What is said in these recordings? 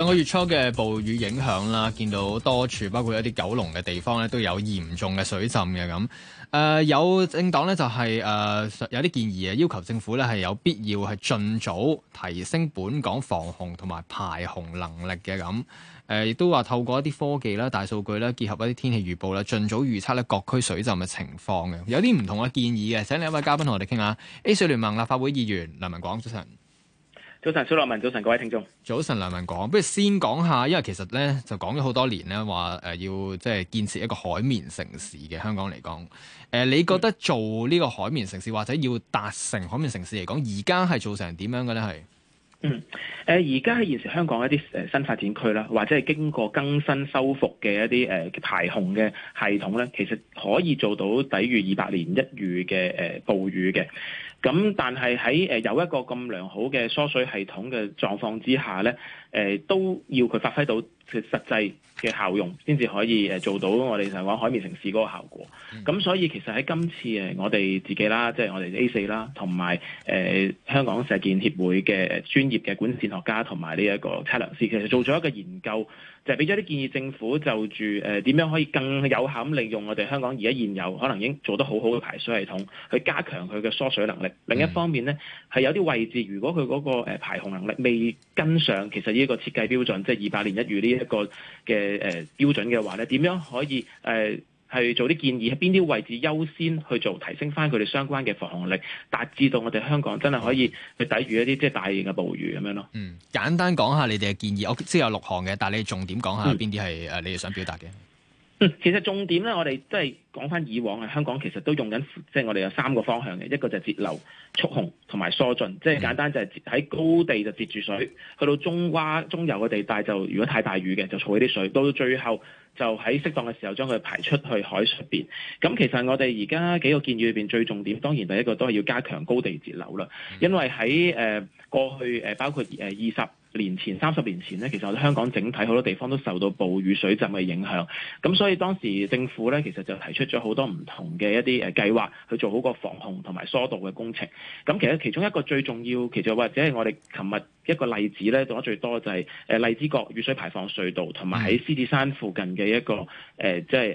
上個月初嘅暴雨影響啦，見到多處包括一啲九龍嘅地方咧都有嚴重嘅水浸嘅咁。誒、呃、有政黨咧就係、是、誒、呃、有啲建議啊，要求政府咧係有必要係盡早提升本港防洪同埋排洪能力嘅咁。誒亦都話透過一啲科技啦、大數據啦，結合一啲天氣預報啦，盡早預測咧各區水浸嘅情況嘅。有啲唔同嘅建議嘅，請另一位嘉賓同我哋傾下。A4 聯盟立法會議員梁文廣早晨。早晨，小樂文，早晨，各位聽眾。早晨，梁文廣，不如先講下，因為其實咧就講咗好多年咧，話誒要即係建設一個海綿城市嘅香港嚟講，誒、呃、你覺得做呢個海綿城市或者要達成海綿城市嚟講，而家係做成點樣嘅咧？係嗯，誒而家喺現時香港一啲誒新發展區啦，或者係經過更新修復嘅一啲誒、呃、排洪嘅系統咧，其實可以做到抵御二百年一遇嘅誒暴雨嘅。咁但係喺誒有一個咁良好嘅疏水系統嘅狀況之下咧，誒、呃、都要佢發揮到佢實際嘅效用，先至可以誒做到我哋成日講海綿城市嗰個效果。咁、嗯、所以其實喺今次誒我哋自己啦，即、就、係、是、我哋 A 四啦，同埋誒香港社建協會嘅專業嘅管線學家同埋呢一個測量師，其實做咗一個研究。就俾咗啲建議，政府就住誒點、呃、樣可以更有效咁利用我哋香港而家現有可能已經做得好好嘅排水系統，去加強佢嘅疏水能力。另一方面咧，係有啲位置，如果佢嗰、嗰個、呃、排洪能力未跟上，其實呢一個設計標準，即係二百年一遇呢一個嘅誒、呃、標準嘅話咧，點樣可以誒，呃係做啲建議，喺邊啲位置優先去做提升翻佢哋相關嘅防洪力，達至到我哋香港真係可以去抵禦一啲即係大型嘅暴雨咁樣咯。嗯，簡單講下你哋嘅建議，我知有六項嘅，但係你重點講下邊啲係誒你哋想表達嘅。嗯嗯、其實重點咧，我哋即係講返以往喺香港，其實都用緊，即、就、係、是、我哋有三個方向嘅，一個就係截流、蓄洪同埋疏浚，即係簡單就係喺高地就截住水，去到中洼中游嘅地帶就如果太大雨嘅就儲起啲水，到最後就喺適當嘅時候將佢排出去海上邊。咁、嗯嗯、其實我哋而家幾個建議裏邊最重點，當然第一個都係要加強高地截流啦，因為喺誒、呃、過去誒、呃、包括誒二十年前三十年前咧，其實我哋香港整體好多地方都受到暴雨水浸嘅影響，咁所以當時政府咧，其實就提出咗好多唔同嘅一啲誒計劃，去做好個防洪同埋疏導嘅工程。咁其實其中一個最重要，其實或者係我哋琴日。一個例子咧，做得最多就係誒荔枝角雨水排放隧道，同埋喺獅子山附近嘅一個誒、呃，即係誒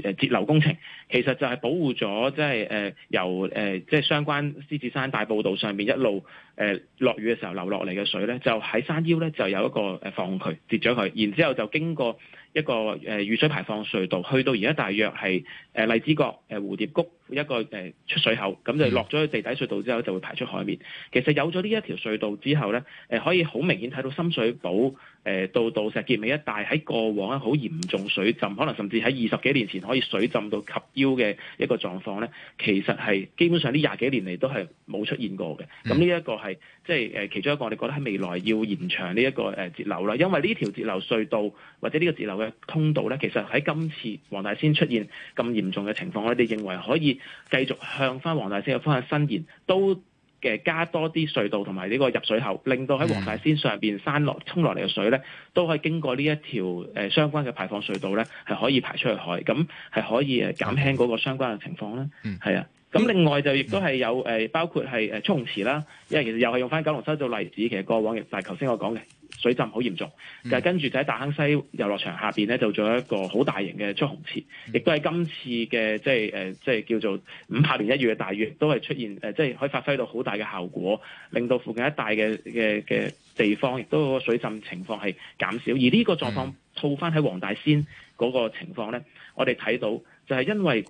叫誒截流工程。其實就係保護咗，即係誒由誒、呃、即係相關獅子山大埔道上面一路誒、呃、落雨嘅時候流落嚟嘅水咧，就喺山腰咧就有一個誒放渠截咗佢，然之後就經過，一個誒雨、呃、水排放隧道，去到而家大約係誒、呃、荔枝角誒、呃、蝴蝶谷一個誒、呃、出水口，咁就落咗去地底隧道之後就會排出海面。其實有咗呢一條隧道之後咧，誒、呃、可以好明顯睇到深水埗誒到到石硤尾一帶喺過往咧，好嚴重水浸，可能甚至喺二十幾年前可以水浸到及腰嘅一個狀況咧，其實係基本上呢廿幾年嚟都係冇出現過嘅。咁呢一個係即係誒其中一個我哋覺得喺未來要延長呢一個誒截流啦，因為呢條截流隧道或者呢個截流。嘅通道咧，其實喺今次黃大仙出現咁嚴重嘅情況，我哋認為可以繼續向翻黃大仙嘅方向伸延，都嘅加多啲隧道同埋呢個入水口，令到喺黃大仙上邊山落沖落嚟嘅水咧，都可以經過呢一條誒相關嘅排放隧道咧，係可以排出去海，咁係可以誒減輕嗰個相關嘅情況啦、嗯啊。嗯，係啊，咁另外就亦都係有誒，包括係誒蓄洪池啦，因為其實又係用翻九龍山做例子，其實過往亦就係頭先我講嘅。水浸好嚴重，就係跟住就喺大坑西遊樂場下邊咧，就做一個好大型嘅蓄洪池，亦都係今次嘅即係誒，即、就、係、是呃就是、叫做五百年一遇嘅大雨，都係出現誒，即、呃、係、就是、可以發揮到好大嘅效果，令到附近一帶嘅嘅嘅地方，亦都個水浸情況係減少。而呢個狀況、嗯、套翻喺黃大仙嗰個情況咧，我哋睇到就係因為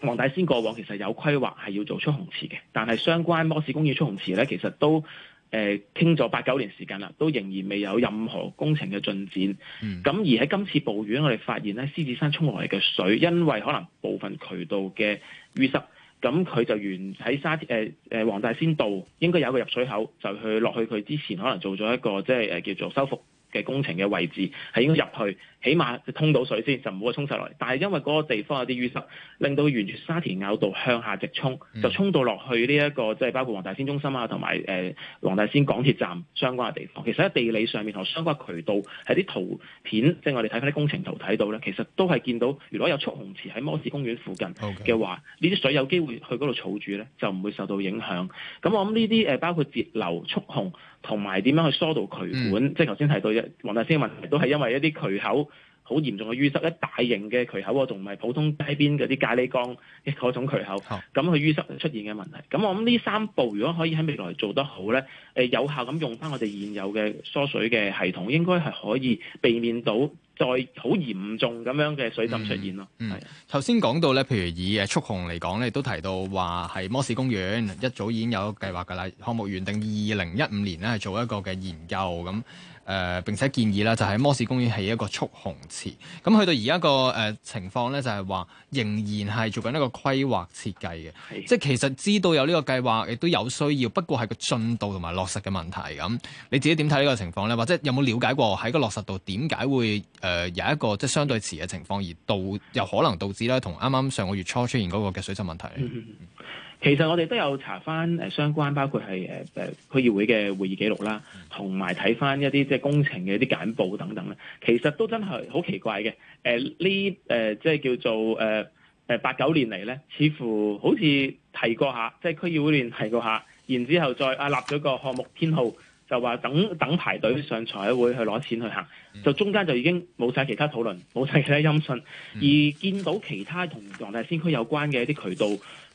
黃大仙過往其實有規劃係要做蓄洪池嘅，但係相關摩士工業蓄洪池咧，其實都。誒傾咗八九年時間啦，都仍然未有任何工程嘅進展。咁、嗯、而喺今次暴雨，我哋發現咧，獅子山沖落嚟嘅水，因為可能部分渠道嘅淤塞，咁佢就原喺沙誒誒黃大仙道，應該有一個入水口，就去落去佢之前可能做咗一個即係誒、呃、叫做修復嘅工程嘅位置，係應該入去。起碼通到水先，就唔好話衝晒落嚟。但係因為嗰個地方有啲淤塞，令到沿住沙田坳道向下直衝，就衝到落去呢、這、一個即係包括黃大仙中心啊，同埋誒黃大仙港鐵站相關嘅地方。其實喺地理上面同相關渠道，喺啲圖片，即係我哋睇翻啲工程圖睇到咧，其實都係見到，如果有蓄洪池喺摩士公園附近嘅話，呢啲 Okay. 水有機會去嗰度儲住咧，就唔會受到影響。咁我諗呢啲誒，包括截流、蓄洪同埋點樣去疏導渠管，嗯、即係頭先提到嘅黃大仙嘅問題，都係因為一啲渠口。好嚴重嘅淤塞咧，大型嘅渠口同埋普通街邊嗰啲咖喱缸嗰種渠口，咁佢淤塞出現嘅問題。咁我諗呢三步如果可以喺未來做得好咧，誒有效咁用翻我哋現有嘅疏水嘅系統，應該係可以避免到再好嚴重咁樣嘅水浸出現咯、嗯。嗯，頭先講到咧，譬如以誒蓄洪嚟講咧，你都提到話係摩士公園一早已經有計劃噶啦，項目原定二零一五年咧做一個嘅研究咁。誒、呃、並且建議咧，就喺、是、摩士公園起一個蓄洪池。咁、嗯、去到而家個誒情況呢，就係、是、話仍然係做緊一個規劃設計嘅。的即係其實知道有呢個計劃，亦都有需要，不過係個進度同埋落實嘅問題。咁你自己點睇呢個情況呢？或者有冇了解過喺個落實度點解會誒有一個即係相對遲嘅情況，而導又可能導致呢同啱啱上個月初出現嗰個嘅水浸問題？ 其實我哋都有查翻誒相關，包括係誒誒區議會嘅會議記錄啦，同埋睇翻一啲即係工程嘅一啲簡報等等咧。其實都真係好奇怪嘅。誒呢誒即係叫做誒誒、呃、八九年嚟咧，似乎好似提過下，即係區議會連提過下，然之後再啊立咗個項目編號，就話等等排隊上財委會去攞錢去行，就中間就已經冇晒其他討論，冇晒其他音訊，嗯、而見到其他同黃大仙區有關嘅一啲渠道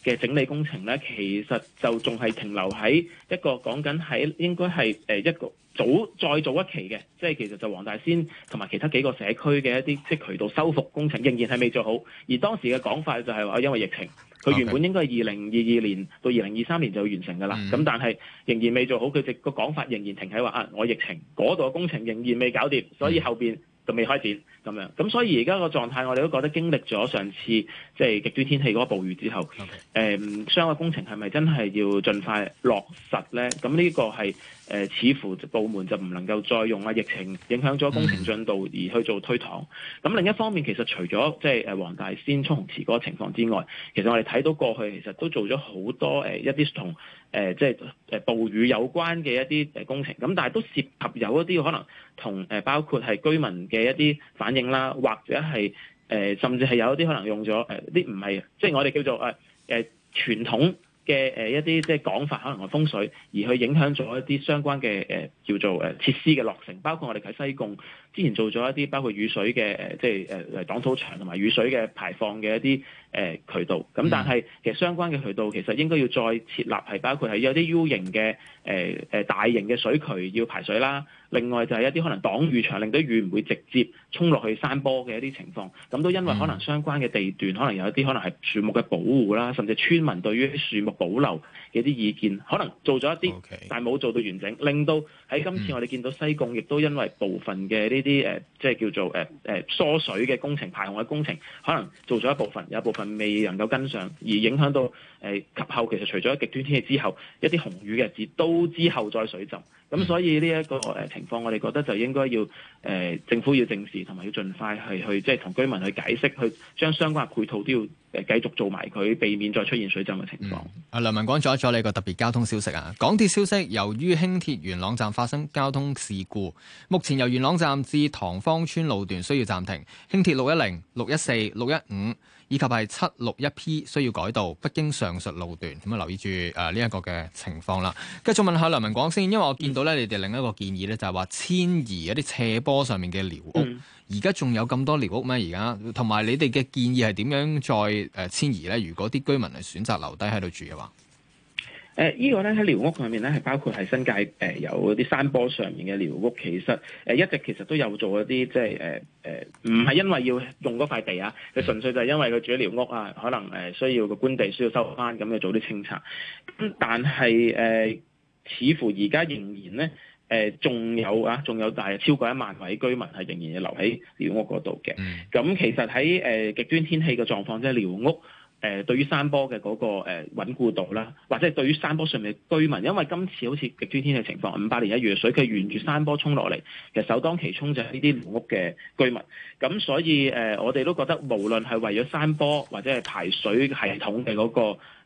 嘅整理工程咧，其實就仲係停留喺一個講緊，喺應該係誒一個早再早一期嘅，即係其實就黃大仙同埋其他幾個社區嘅一啲即渠道修復工程，仍然係未做好。而當時嘅講法就係話，因為疫情，佢原本應該係二零二二年到二零二三年就要完成噶啦。咁 Okay. 但係仍然未做好，佢直個講法仍然停喺話啊，我疫情嗰度嘅工程仍然未搞掂，所以後邊就未開展。咁樣，咁、嗯、所以而家個狀態，我哋都覺得經歷咗上次即係極端天氣嗰個暴雨之後，誒相關工程係咪真係要盡快落實咧？咁、嗯、呢、這個係誒、呃、似乎部門就唔能夠再用啊疫情影響咗工程進度而去做推搪。咁、 嗯、另一方面，其實除咗即係誒黃大仙蓄洪池嗰個情況之外，其實我哋睇到過去其實都做咗好多誒、呃、一啲同誒即係誒暴雨有關嘅一啲誒工程，咁但係都涉及有一啲可能同誒包括係居民嘅一啲反。啦，或者係誒、呃，甚至係有一啲可能用咗誒，啲唔係，即係我哋叫做誒誒傳統嘅誒一啲即係講法，可能係風水，而去影響咗一啲相關嘅誒。呃叫做誒設施嘅落成，包括我哋喺西貢之前做咗一啲，包括雨水嘅誒即係誒誒擋土牆同埋雨水嘅排放嘅一啲誒、呃、渠道。咁但係其實相關嘅渠道其實應該要再設立，係包括係有啲 U 型嘅誒誒大型嘅水渠要排水啦。另外就係一啲可能擋雨牆，令到雨唔會直接沖落去山坡嘅一啲情況，咁都因為可能相關嘅地段可能有一啲可能係樹木嘅保護啦，甚至村民對於樹木保留嘅啲意見可能做咗一啲，Okay. 但係冇做到完整，令到喺嗯、今次我哋見到西貢亦都因為部分嘅呢啲誒，即、呃、係、就是、叫做誒誒、呃、疏水嘅工程、排洪嘅工程，可能做咗一部分，有部分未能夠跟上，而影響到誒、呃、及後。其實除咗極端天氣之後，一啲紅雨嘅日子都之後再水浸。咁所以呢、這、一個誒、呃、情況，我哋覺得就應該要誒、呃、政府要正視，同埋要盡快去，去即係同居民去解釋，去將相關嘅配套都要。誒繼續做埋佢，避免再出現水浸嘅情況。阿、嗯、梁文廣，阻一阻你，個特別交通消息啊！港鐵消息，由於輕鐵元朗站發生交通事故，目前由元朗站至塘坊村路段需要暫停，輕鐵六一零、六一四、六一五以及係七六一 P 需要改道，不經上述路段。咁啊，留意住誒呢一個嘅情況啦。繼續問下梁文廣先，因為我見到咧，嗯、你哋另一個建議咧，就係話遷移一啲斜坡上面嘅寮屋。嗯而家仲有咁多寮屋咩？而家同埋你哋嘅建議係點樣再誒、呃、遷移咧？如果啲居民係選擇留低喺度住嘅話，誒、呃、依個咧喺寮屋上面咧係包括係新界誒、呃、有啲山坡上面嘅寮屋，其實誒、呃、一直其實都有做一啲即係誒誒，呃、唔係因為要用嗰塊地啊，佢純粹就係因為佢住咗寮屋啊，可能誒需要個官地需要收翻，咁去做啲清拆。咁但係誒、呃，似乎而家仍然咧。誒仲有啊，仲有大約超過一萬位居民係仍然要留喺寮屋嗰度嘅。咁、嗯、其實喺誒、呃、極端天氣嘅狀況，即係寮屋誒、呃、對於山坡嘅嗰、那個誒穩、呃、固度啦，或者係對於山坡上面居民，因為今次好似極端天氣情況，五百年一遇嘅水，佢沿住山坡衝落嚟，其實首當其衝就係呢啲寮屋嘅居民。咁所以誒、呃，我哋都覺得無論係為咗山坡或者係排水系統嘅嗰、那個、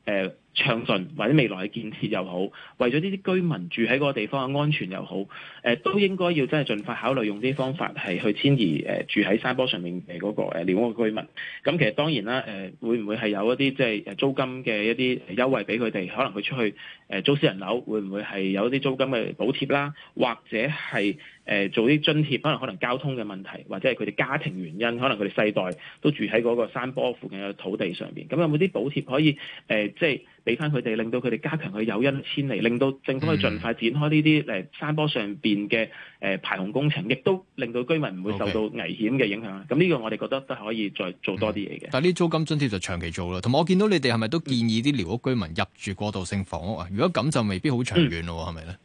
呃暢順或者未來嘅建設又好，為咗呢啲居民住喺嗰個地方嘅安全又好，誒、呃、都應該要真係盡快考慮用啲方法係去遷移誒、呃、住喺山坡上面嘅嗰、那個誒寮屋嘅居民。咁、嗯、其實當然啦，誒、呃、會唔會係有一啲即係誒租金嘅一啲優惠俾佢哋？可能佢出去誒、呃、租私人樓，會唔會係有一啲租金嘅補貼啦？或者係誒、呃、做啲津貼？可能可能交通嘅問題，或者係佢哋家庭原因，可能佢哋世代都住喺嗰個山坡附近嘅土地上面。咁有冇啲補貼可以誒、呃呃、即係？俾翻佢哋，令到佢哋加強誘因遷離，令到政府去盡快展開呢啲誒山坡上邊嘅誒排洪工程，亦都令到居民唔會受到危險嘅影響啊！咁呢個我哋覺得都係可以再做多啲嘢嘅。但係呢租金津貼就長期做咯，同埋我見到你哋係咪都建議啲寮屋居民入住過渡性房屋啊？如果咁就未必好長遠咯，係咪咧？是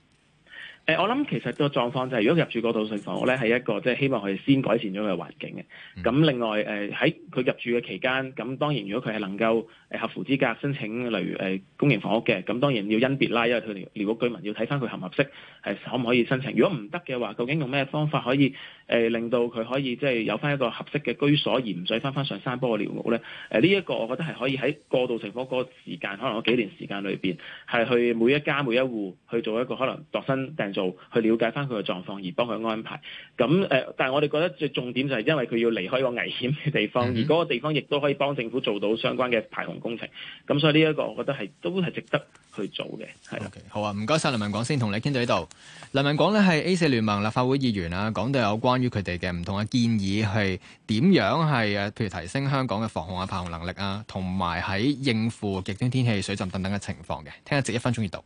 我諗其實個狀況就係，如果入住過渡性房屋咧，係一個即係希望佢先改善咗佢環境嘅。咁另外誒，喺、呃、佢入住嘅期間，咁當然如果佢係能夠誒合乎資格申請，例如誒、呃、公營房屋嘅，咁當然要甄別啦，因為佢哋寮屋居民要睇翻佢合唔合適，係可唔可以申請。如果唔得嘅話，究竟用咩方法可以誒、呃、令到佢可以即係有翻一個合適嘅居所，而唔使翻翻上山坡寮屋咧？誒呢一個我覺得係可以喺過渡性房屋嗰個時間，可能嗰幾年時間裏邊，係去每一家每一戶去做一個可能度身訂造。去了解翻佢嘅狀況，而幫佢安排。咁誒，但係我哋覺得最重點就係因為佢要離開一個危險嘅地方，嗯、哼而嗰個地方亦都可以幫政府做到相關嘅排洪工程。咁所以呢一個，我覺得係都係值得去做嘅，係啦。Okay，好啊，唔該晒。梁文廣先，同你傾到呢度。梁文廣呢係 A4 聯盟立法會議員啊，講到有關於佢哋嘅唔同嘅建議，係點樣係誒，譬如提升香港嘅防洪啊、排洪能力啊，同埋喺應付極端天氣、水浸等等嘅情況嘅。聽日值一分鐘熱度。